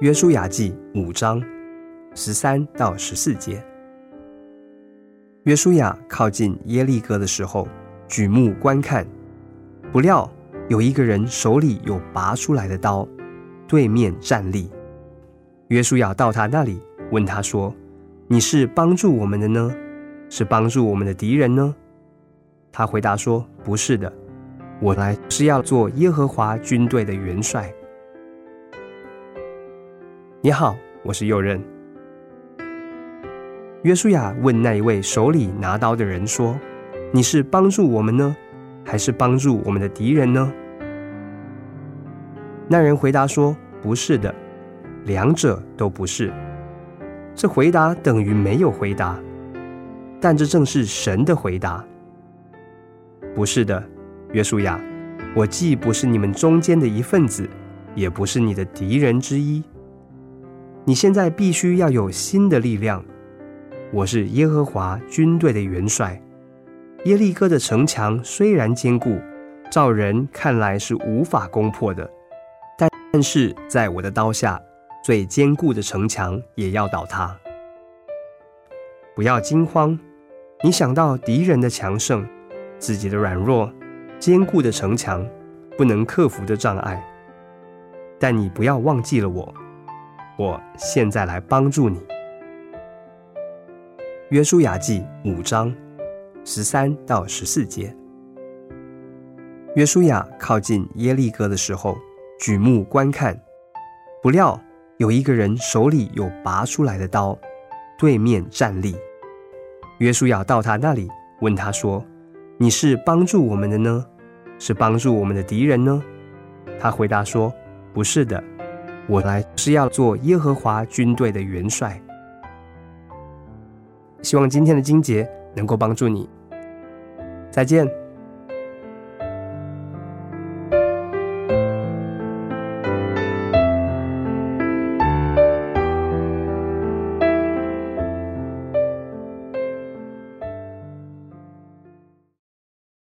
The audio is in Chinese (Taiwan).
約書亞記五章十三到十四節。約書亞靠近耶利哥的時候，舉目觀看，不料有一個人手裡有拔出來的刀，對面站立。約書亞到他那裡，問他說：“你是幫助我們的呢？是幫助我們的敵人呢？”他回答說：“不是的，我來是要做耶和華軍隊的元帥。”你好，我是佑任。約書亞問那一位手裡拿刀的人說：“你是幫助我們呢，還是幫助我們的敵人呢？”那人回答說：“不是的，兩者都不是。”這回答等於沒有回答，但這正是神的回答：“不是的，約書亞，我既不是你們中間的一份子，也不是你的敵人之一。”你現在必須要有新的力量。我是耶和華軍隊的元帥。耶利哥的城牆雖然堅固，照人看來是無法攻破的，但是在我的刀下，最堅固的城牆也要倒塌。不要驚慌，你想到敵人的強盛，自己的軟弱，堅固的城牆，不能克服的障礙。但你不要忘記了我。我現在來幫助你。約書亞記五章十三到十四節，約書亞靠近耶利哥的時候，舉目觀看，不料有一個人手裡有拔出來的刀，對面站立。約書亞到他那裡，問他說：“你是幫助我們的呢？是幫助我們的敵人呢？”他回答說：“不是的。”我來是要做耶和華軍隊的元帥。希望今天的經節能夠幫助你。再見。